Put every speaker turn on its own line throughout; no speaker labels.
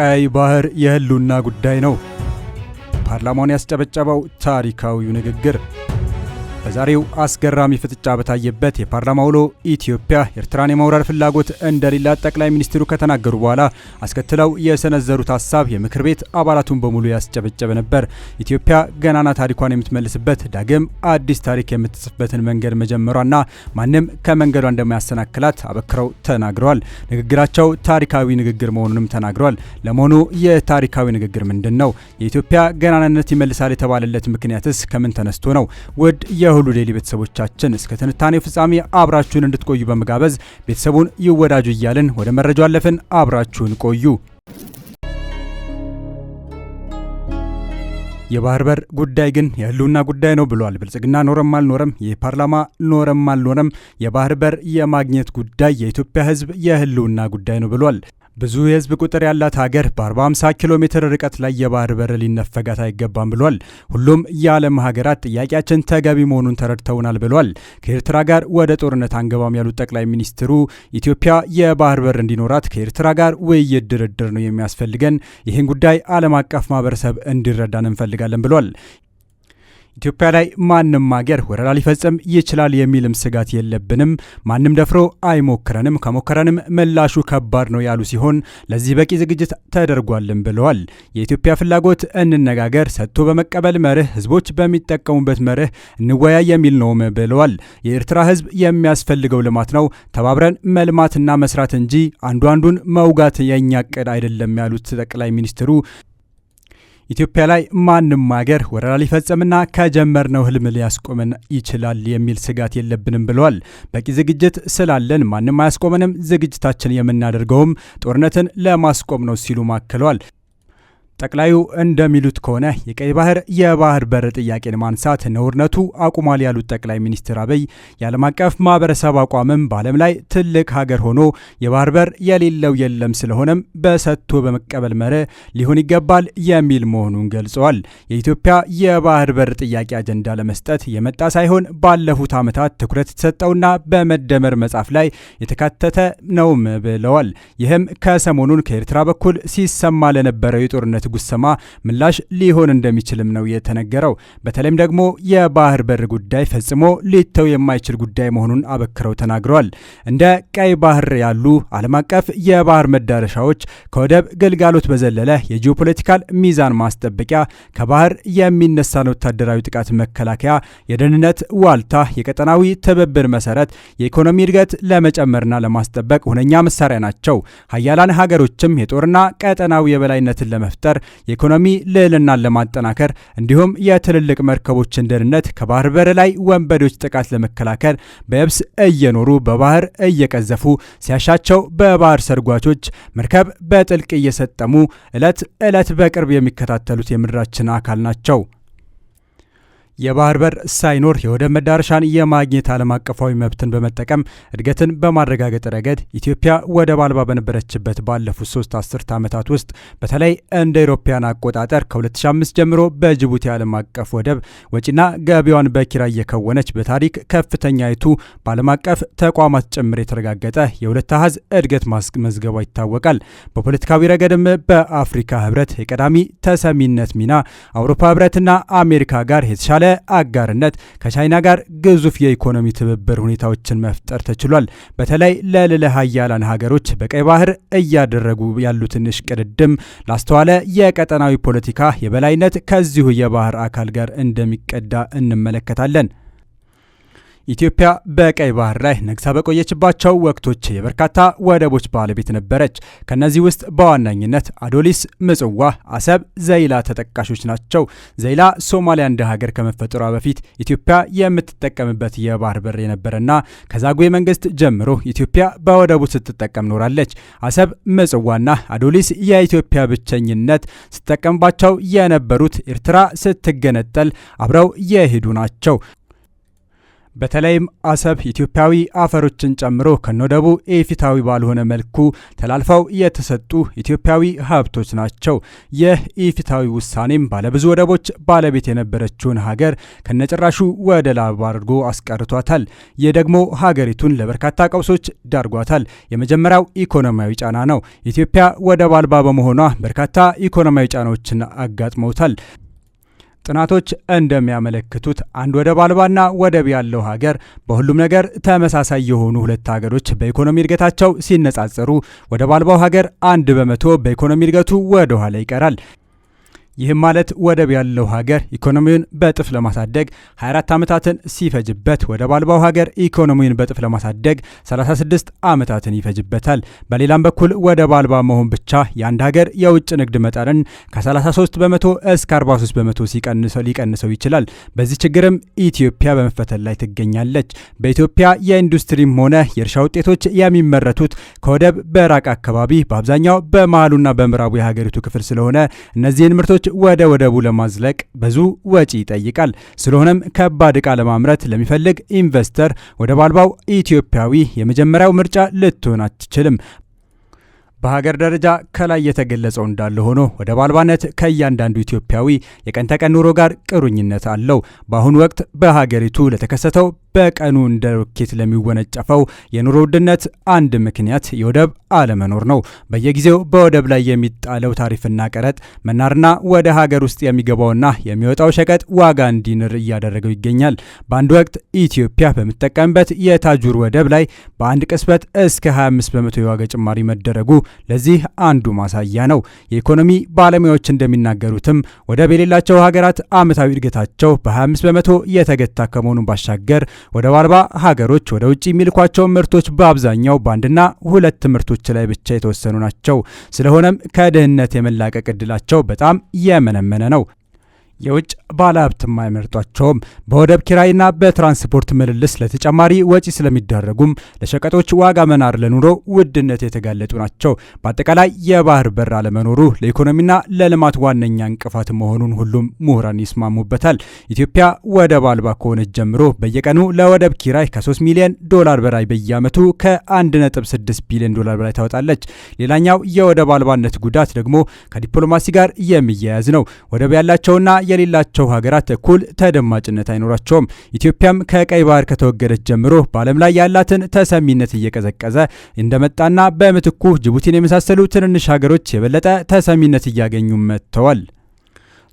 ቀይ ባህር የህልውና ጉዳይ ነው። ፓርላማውን ያስጨበጨበው ታሪካዊው ንግግር በዛሬው አስገራሚ ፍጥጫ በታየበት የፓርላማ ውሎ ኢትዮጵያ ኤርትራን የመውረር ፍላጎት እንደሌላት ጠቅላይ ሚኒስትሩ ከተናገሩ በኋላ አስከትለው የሰነዘሩት ሀሳብ የምክር ቤት አባላቱን በሙሉ ያስጨበጨበ ነበር። ኢትዮጵያ ገናና ታሪኳን የምትመልስበት ዳግም አዲስ ታሪክ የምትጽፍበትን መንገድ መጀመሯና ማንም ከመንገዷ እንደማያሰናክላት አበክረው ተናግረዋል። ንግግራቸው ታሪካዊ ንግግር መሆኑንም ተናግረዋል። ለመሆኑ የታሪካዊ ንግግር ምንድን ነው? የኢትዮጵያ ገናናነት ይመልሳል የተባለለት ምክንያትስ ከምን ተነስቶ ነው? ውድ የሁሉ ዴይሊ ቤተሰቦቻችን እስከ ትንታኔው ፍጻሜ አብራችሁን እንድትቆዩ በመጋበዝ ቤተሰቡን ይወዳጁ እያልን ወደ መረጃው አለፍን። አብራችሁን ቆዩ። የባህር በር ጉዳይ ግን የህልውና ጉዳይ ነው ብሏል። ብልጽግና ኖረም አልኖረም፣ የፓርላማ ፓርላማ ኖረም አልኖረም፣ የባህር በር የማግኘት ጉዳይ የኢትዮጵያ ሕዝብ የህልውና ጉዳይ ነው ብሏል። ብዙ የህዝብ ቁጥር ያላት ሀገር በ 45 ኪሎ ሜትር ርቀት ላይ የባህር በር ሊነፈጋት አይገባም ብሏል። ሁሉም የዓለም ሀገራት ጥያቄያችን ተገቢ መሆኑን ተረድተውናል ብሏል። ከኤርትራ ጋር ወደ ጦርነት አንገባም ያሉት ጠቅላይ ሚኒስትሩ ኢትዮጵያ የባህር በር እንዲኖራት ከኤርትራ ጋር ውይይት፣ ድርድር ነው የሚያስፈልገን። ይህን ጉዳይ ዓለም አቀፍ ማህበረሰብ እንዲረዳን እንፈልጋለን ብሏል። ኢትዮጵያ ላይ ማንም አገር ወረራ ሊፈጽም ይችላል የሚልም ስጋት የለብንም። ማንም ደፍሮ አይሞክረንም፣ ከሞከረንም ምላሹ ከባድ ነው ያሉ ሲሆን ለዚህ በቂ ዝግጅት ተደርጓልም ብለዋል። የኢትዮጵያ ፍላጎት እንነጋገር፣ ሰጥቶ በመቀበል መርህ ህዝቦች በሚጠቀሙበት መርህ እንወያይ የሚል ነውም ብለዋል። የኤርትራ ህዝብ የሚያስፈልገው ልማት ነው፣ ተባብረን መልማትና መስራት እንጂ አንዱ አንዱን መውጋት የእኛ እቅድ አይደለም ያሉት ጠቅላይ ሚኒስትሩ ኢትዮጵያ ላይ ማንም ሀገር ወረራ ሊፈጸምና ከጀመርነው ህልም ሊያስቆመን ይችላል የሚል ስጋት የለብንም ብለዋል። በቂ ዝግጅት ስላለን ማንም አያስቆመንም፣ ዝግጅታችን የምናደርገውም ጦርነትን ለማስቆም ነው ሲሉ ማክለዋል። ጠቅላዩ እንደሚሉት ከሆነ የቀይ ባህር የባህር በር ጥያቄን ማንሳት ነውርነቱ አቁሟል ያሉት ጠቅላይ ሚኒስትር አብይ የዓለም አቀፍ ማህበረሰብ አቋምም በዓለም ላይ ትልቅ ሀገር ሆኖ የባህር በር የሌለው የለም፣ ስለሆነም በሰጥቶ በመቀበል መርህ ሊሆን ይገባል የሚል መሆኑን ገልጸዋል። የኢትዮጵያ የባህር በር ጥያቄ አጀንዳ ለመስጠት የመጣ ሳይሆን ባለፉት ዓመታት ትኩረት የተሰጠውና በመደመር መጽሐፍ ላይ የተካተተ ነውም ብለዋል። ይህም ከሰሞኑን ከኤርትራ በኩል ሲሰማ ለነበረው የጦርነት ጉሰማ ምላሽ ሊሆን እንደሚችልም ነው የተነገረው። በተለይም ደግሞ የባህር በር ጉዳይ ፈጽሞ ሊተው የማይችል ጉዳይ መሆኑን አበክረው ተናግረዋል። እንደ ቀይ ባህር ያሉ ዓለም አቀፍ የባህር መዳረሻዎች ከወደብ ግልጋሎት በዘለለ የጂኦፖለቲካል ሚዛን ማስጠበቂያ፣ ከባህር የሚነሳን ወታደራዊ ጥቃት መከላከያ፣ የደህንነት ዋልታ፣ የቀጠናዊ ትብብር መሰረት፣ የኢኮኖሚ እድገት ለመጨመርና ለማስጠበቅ ሁነኛ መሳሪያ ናቸው። ሀያላን ሀገሮችም የጦርና ቀጠናዊ የበላይነትን ለመፍጠር የኢኮኖሚ ልዕልናን ለማጠናከር እንዲሁም የትልልቅ መርከቦችን ደህንነት ከባህር በር ላይ ወንበዴዎች ጥቃት ለመከላከል በየብስ እየኖሩ በባህር እየቀዘፉ ሲያሻቸው በባህር ሰርጓቾች መርከብ በጥልቅ እየሰጠሙ ዕለት ዕለት በቅርብ የሚከታተሉት የምድራችን አካል ናቸው። የባህር በር ሳይኖር የወደብ መዳረሻን የማግኘት ዓለም አቀፋዊ መብትን በመጠቀም እድገትን በማረጋገጥ ረገድ ኢትዮጵያ ወደብ አልባ በነበረችበት ባለፉት ሶስት አስርት ዓመታት ውስጥ በተለይ እንደ ኢሮፓያን አቆጣጠር ከ2005 ጀምሮ በጅቡቲ ዓለም አቀፍ ወደብ ወጪና ገቢዋን በኪራይ እየከወነች በታሪክ ከፍተኛይቱ በዓለም አቀፍ ተቋማት ጭምር የተረጋገጠ የሁለት አሃዝ እድገት ማስመዝገቧ ይታወቃል። በፖለቲካዊ ረገድም በአፍሪካ ህብረት የቀዳሚ ተሰሚነት ሚና አውሮፓ ህብረትና አሜሪካ ጋር የተሻለ አጋርነት ከቻይና ጋር ግዙፍ የኢኮኖሚ ትብብር ሁኔታዎችን መፍጠር ተችሏል። በተለይ ለልዕለ ሀያላን ሀገሮች በቀይ ባህር እያደረጉ ያሉትን እሽቅድድም ላስተዋለ የቀጠናዊ ፖለቲካ የበላይነት ከዚሁ የባህር አካል ጋር እንደሚቀዳ እንመለከታለን። ኢትዮጵያ በቀይ ባህር ላይ ነግሳ በቆየችባቸው ወቅቶች የበርካታ ወደቦች ባለቤት ነበረች። ከእነዚህ ውስጥ በዋናኝነት አዶሊስ፣ ምጽዋ፣ አሰብ፣ ዘይላ ተጠቃሾች ናቸው። ዘይላ ሶማሊያ እንደ ሀገር ከመፈጠሯ በፊት ኢትዮጵያ የምትጠቀምበት የባህር በር የነበረና ከዛጉዌ መንግስት ጀምሮ ኢትዮጵያ በወደቡ ስትጠቀም ኖራለች። አሰብ፣ ምጽዋና አዶሊስ የኢትዮጵያ ብቸኝነት ስትጠቀምባቸው የነበሩት ኤርትራ ስትገነጠል አብረው የሄዱ ናቸው። በተለይም አሰብ ኢትዮጵያዊ አፈሮችን ጨምሮ ከነወደቡ ኢፍትሐዊ ባልሆነ መልኩ ተላልፈው የተሰጡ ኢትዮጵያዊ ሀብቶች ናቸው። ይህ ኢፍትሐዊ ውሳኔም ባለብዙ ወደቦች ባለቤት የነበረችውን ሀገር ከነጭራሹ ወደ ላብ አድርጎ አስቀርቷታል። ይህ ደግሞ ሀገሪቱን ለበርካታ ቀውሶች ዳርጓታል። የመጀመሪያው ኢኮኖሚያዊ ጫና ነው። ኢትዮጵያ ወደብ አልባ በመሆኗ በርካታ ኢኮኖሚያዊ ጫናዎችን አጋጥመውታል። ጥናቶች እንደሚያመለክቱት አንድ ወደብ አልባና ወደብ ያለው ሀገር በሁሉም ነገር ተመሳሳይ የሆኑ ሁለት ሀገሮች በኢኮኖሚ እድገታቸው ሲነጻጸሩ ወደብ አልባው ሀገር አንድ በመቶ በኢኮኖሚ እድገቱ ወደ ይቀራል። ይህም ማለት ወደብ ያለው ሀገር ኢኮኖሚውን በእጥፍ ለማሳደግ 24 ዓመታትን ሲፈጅበት ወደብ አልባው ሀገር ኢኮኖሚውን በእጥፍ ለማሳደግ 36 ዓመታትን ይፈጅበታል። በሌላም በኩል ወደብ አልባ መሆን ብቻ የአንድ ሀገር የውጭ ንግድ መጠንን ከ33 በመቶ እስከ 43 በመቶ ሊቀንሰው ይችላል። በዚህ ችግርም ኢትዮጵያ በመፈተን ላይ ትገኛለች። በኢትዮጵያ የኢንዱስትሪም ሆነ የእርሻ ውጤቶች የሚመረቱት ከወደብ በራቅ አካባቢ በአብዛኛው በመሃሉና በምዕራቡ የሀገሪቱ ክፍል ስለሆነ እነዚህን ምርቶች ወደ ወደቡ ለማዝለቅ ብዙ ወጪ ይጠይቃል። ስለሆነም ከባድ ዕቃ ለማምረት ለሚፈልግ ኢንቨስተር ወደብ አልባው ኢትዮጵያዊ የመጀመሪያው ምርጫ ልትሆን አትችልም። በሀገር ደረጃ ከላይ የተገለጸው እንዳለ ሆኖ ወደብ አልባነት ከእያንዳንዱ ኢትዮጵያዊ የቀን ተቀን ኑሮ ጋር ቅሩኝነት አለው። በአሁኑ ወቅት በሀገሪቱ ለተከሰተው በቀኑ እንደ ሮኬት ለሚወነጨፈው የኑሮ ውድነት አንድ ምክንያት የወደብ አለመኖር ነው። በየጊዜው በወደብ ላይ የሚጣለው ታሪፍና ቀረጥ መናርና ወደ ሀገር ውስጥ የሚገባውና የሚወጣው ሸቀጥ ዋጋ እንዲንር እያደረገው ይገኛል። በአንድ ወቅት ኢትዮጵያ በምትጠቀምበት የታጁር ወደብ ላይ በአንድ ቅጽበት እስከ 25 በመቶ የዋጋ ጭማሪ መደረጉ ለዚህ አንዱ ማሳያ ነው። የኢኮኖሚ ባለሙያዎች እንደሚናገሩትም ወደብ የሌላቸው ሀገራት አመታዊ እድገታቸው በ25 በመቶ የተገታ ከመሆኑን ባሻገር ወደ አልባ ሀገሮች ወደ ውጭ የሚልኳቸው ምርቶች በአብዛኛው በአንድና ሁለት ምርቶች ላይ ብቻ የተወሰኑ ናቸው። ስለሆነም ከድህነት የመላቀቅ እድላቸው በጣም የመነመነ ነው። የውጭ ባለሀብትም አይመርጧቸውም። በወደብ ኪራይና በትራንስፖርት ምልልስ ለተጨማሪ ወጪ ስለሚደረጉም ለሸቀጦች ዋጋ መናር ለኑሮ ውድነት የተጋለጡ ናቸው። በአጠቃላይ የባህር በር አለመኖሩ ለኢኮኖሚና ለልማት ዋነኛ እንቅፋት መሆኑን ሁሉም ምሁራን ይስማሙበታል። ኢትዮጵያ ወደብ አልባ ከሆነች ጀምሮ በየቀኑ ለወደብ ኪራይ ከ3 ሚሊዮን ዶላር በላይ በየአመቱ ከ1.6 ቢሊዮን ዶላር በላይ ታወጣለች። ሌላኛው የወደብ አልባነት ጉዳት ደግሞ ከዲፕሎማሲ ጋር የሚያያዝ ነው። ወደብ ያላቸውና የሌላቸው ሀገራት እኩል ተደማጭነት አይኖራቸውም። ኢትዮጵያም ከቀይ ባህር ከተወገደች ጀምሮ በዓለም ላይ ያላትን ተሰሚነት እየቀዘቀዘ እንደመጣና በምትኩ ጅቡቲን የመሳሰሉ ትንንሽ ሀገሮች የበለጠ ተሰሚነት እያገኙ መጥተዋል።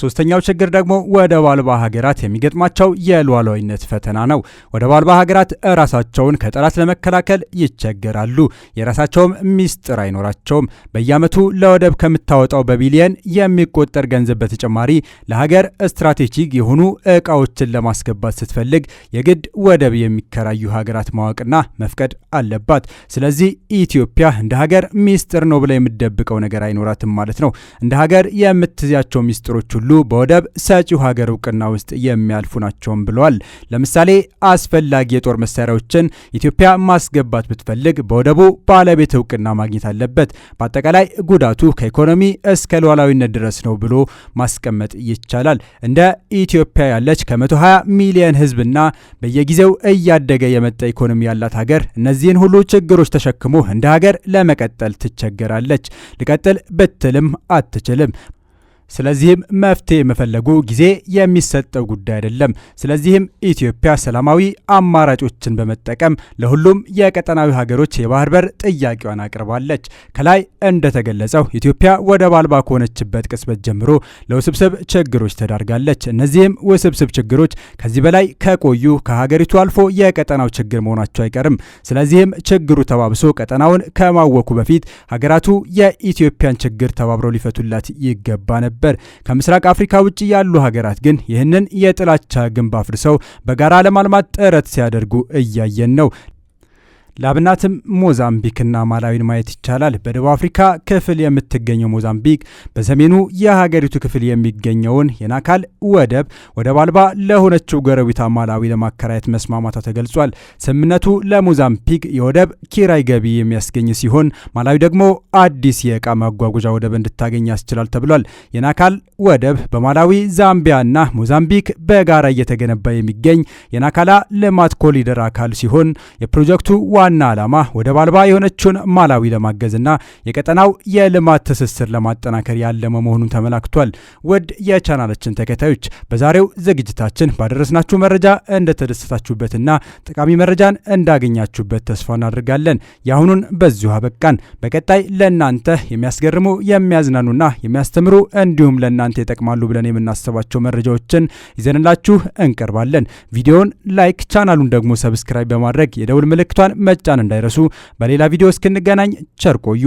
ሶስተኛው ችግር ደግሞ ወደብ አልባ ሀገራት የሚገጥማቸው የሉዓላዊነት ፈተና ነው። ወደብ አልባ ሀገራት ራሳቸውን ከጠላት ለመከላከል ይቸገራሉ። የራሳቸውም ሚስጥር አይኖራቸውም። በየዓመቱ ለወደብ ከምታወጣው በቢሊየን የሚቆጠር ገንዘብ በተጨማሪ ለሀገር ስትራቴጂክ የሆኑ እቃዎችን ለማስገባት ስትፈልግ የግድ ወደብ የሚከራዩ ሀገራት ማወቅና መፍቀድ አለባት። ስለዚህ ኢትዮጵያ እንደ ሀገር ሚስጥር ነው ብላ የምትደብቀው ነገር አይኖራትም ማለት ነው። እንደ ሀገር የምትዚያቸው ሚስጥሮች ሁሉ በወደብ ሰጪው ሀገር እውቅና ውስጥ የሚያልፉ ናቸውም ብለዋል። ለምሳሌ አስፈላጊ የጦር መሳሪያዎችን ኢትዮጵያ ማስገባት ብትፈልግ በወደቡ ባለቤት እውቅና ማግኘት አለበት። በአጠቃላይ ጉዳቱ ከኢኮኖሚ እስከ ሉዓላዊነት ድረስ ነው ብሎ ማስቀመጥ ይቻላል። እንደ ኢትዮጵያ ያለች ከ120 ሚሊየን ሕዝብና በየጊዜው እያደገ የመጣ ኢኮኖሚ ያላት ሀገር እነዚህን ሁሉ ችግሮች ተሸክሞ እንደ ሀገር ለመቀጠል ትቸገራለች። ልቀጥል ብትልም አትችልም። ስለዚህም መፍትሄ የመፈለጉ ጊዜ የሚሰጠው ጉዳይ አይደለም። ስለዚህም ኢትዮጵያ ሰላማዊ አማራጮችን በመጠቀም ለሁሉም የቀጠናዊ ሀገሮች የባህር በር ጥያቄዋን አቅርባለች። ከላይ እንደተገለጸው ኢትዮጵያ ወደብ አልባ ከሆነችበት ቅጽበት ጀምሮ ለውስብስብ ችግሮች ተዳርጋለች። እነዚህም ውስብስብ ችግሮች ከዚህ በላይ ከቆዩ ከሀገሪቱ አልፎ የቀጠናው ችግር መሆናቸው አይቀርም። ስለዚህም ችግሩ ተባብሶ ቀጠናውን ከማወኩ በፊት ሀገራቱ የኢትዮጵያን ችግር ተባብረው ሊፈቱላት ይገባ ነበር። ነበር። ከምስራቅ አፍሪካ ውጭ ያሉ ሀገራት ግን ይህንን የጥላቻ ግንብ አፍርሰው በጋራ ለማልማት ጥረት ሲያደርጉ እያየን ነው። ላብናትም ሞዛምቢክና ማላዊን ማየት ይቻላል። በደቡብ አፍሪካ ክፍል የምትገኘው ሞዛምቢክ በሰሜኑ የሀገሪቱ ክፍል የሚገኘውን የናካል ወደብ ወደብ አልባ ለሆነችው ጎረቤቷ ማላዊ ለማከራየት መስማማቷ ተገልጿል። ስምምነቱ ለሞዛምቢክ የወደብ ኪራይ ገቢ የሚያስገኝ ሲሆን፣ ማላዊ ደግሞ አዲስ የእቃ ማጓጓዣ ወደብ እንድታገኝ ያስችላል ተብሏል። የናካል ወደብ በማላዊ ዛምቢያና ሞዛምቢክ በጋራ እየተገነባ የሚገኝ የናካላ ልማት ኮሊደር አካል ሲሆን የፕሮጀክቱ ዋና ዓላማ ወደብ አልባ የሆነችውን ማላዊ ለማገዝና የቀጠናው የልማት ትስስር ለማጠናከር ያለመ መሆኑን ተመላክቷል። ውድ የቻናላችን ተከታዮች በዛሬው ዝግጅታችን ባደረስናችሁ መረጃ እንደተደሰታችሁበትና ጠቃሚ መረጃን እንዳገኛችሁበት ተስፋ እናደርጋለን። የአሁኑን በዚሁ አበቃን። በቀጣይ ለእናንተ የሚያስገርሙ የሚያዝናኑና የሚያስተምሩ እንዲሁም ለእናንተ ይጠቅማሉ ብለን የምናስባቸው መረጃዎችን ይዘንላችሁ እንቀርባለን። ቪዲዮውን ላይክ፣ ቻናሉን ደግሞ ሰብስክራይብ በማድረግ የደውል ምልክቷን መጫን እንዳይረሱ። በሌላ ቪዲዮ እስክንገናኝ ቸር ቆዩ።